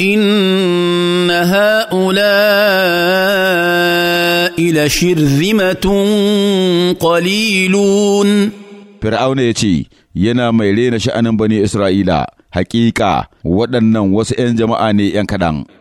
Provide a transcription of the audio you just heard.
ان هؤلاء لشرذمه قليلون Fir'auna ya ce, Yana mai rena sha'anin bani Isra'ila, Haƙiƙa, waɗannan wasu ’yan jama'a ne ’yan kaɗan.